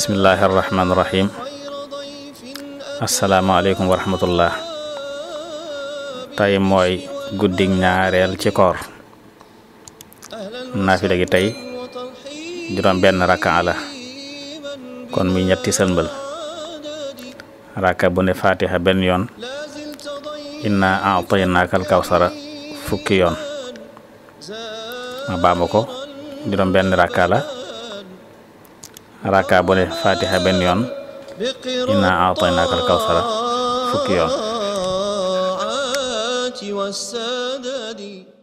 bismillaahi arrahmaani arrahiim asalaamaaleykum wa rahmatullah tey mooy guddi ñaareel ci koor naafila gi tey juróom benn rakka la kon mi ñetti sëlmal rakka bu ne fatiha benn yoon inna a'taynaaka al kawsara fukki yoon ma baama ko juróom benn rakka la raka bu ne fatiha benn yoon inna aataynaaka al kawsara fukki yoon